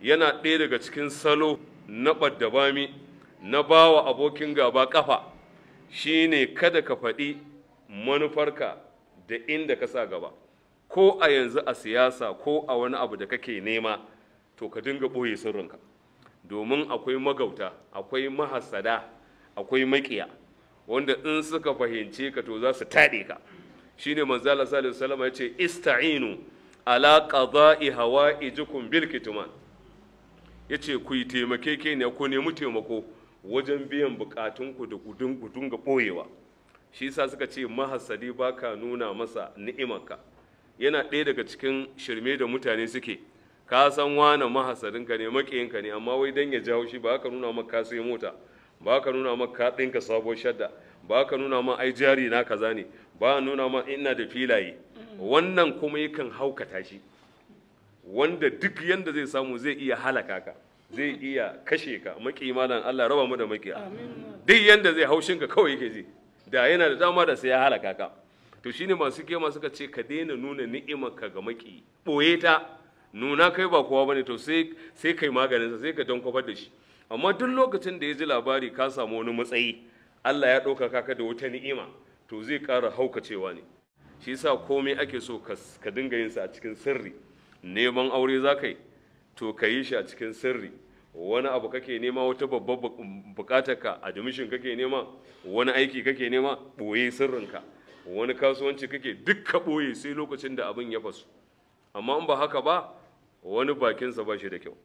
yana ɗaya daga cikin salo na ɓaddabami na bawa abokin gaba ƙafa shine kada ka faɗi manufarka da inda ka sa gaba ko a yanzu a siyasa ko a wani abu da kake nema to ka dinga ɓoye sirrinka domin akwai magauta akwai mahasada akwai maƙiya wanda in suka fahimce ka to za su taɗe ka shine manzala sallallahu alaihi wasallam ya ce ista'inu ala qada'i Hawa, bil kitman ya ce ku yi ne ko nemi taimako wajen biyan bukatunku da gudun ga ɓoyewa shi sa suka ce mahasadi ba ka nuna masa ni'imanka yana ɗaya daga cikin shirme da mutane suke ka san wane ka ne ka ne amma wai dan ya jawo shi ba ka nuna maka sai mota ba ka nuna maka ka ɗinka sabuwar shadda ba ka nuna ma ai jari na kaza ne ba nuna ma ina da filaye wannan kuma yakan haukata shi wanda duk yanda zai samu zai iya halaka ka zai iya kashe ka maki malam Allah raba mu da maki duk yanda zai haushin ka kawai yake ji da yana da dama da sai ya halaka ka to shine masu kema suka ce ka daina nuna ka ga maki boye ta nuna kai ba kowa bane to sai sai kai maganin sa sai ka don kofar da shi amma duk lokacin da ya ji labari ka samu wani matsayi Allah ya ɗaukaka ka da wata ni'ima to zai ƙara haukacewa ne shi yasa komai ake so ka dinga yin sa a cikin sirri neman aure za ka yi to ka yi shi a cikin sirri wani abu kake nema wata babbar bukatar ka dimishin kake nema wani aiki kake nema boye sirrinka wani kasuwanci kake duk ka boye sai lokacin da abin ya fasu amma in ba haka ba wani bakinsa ba shi da kyau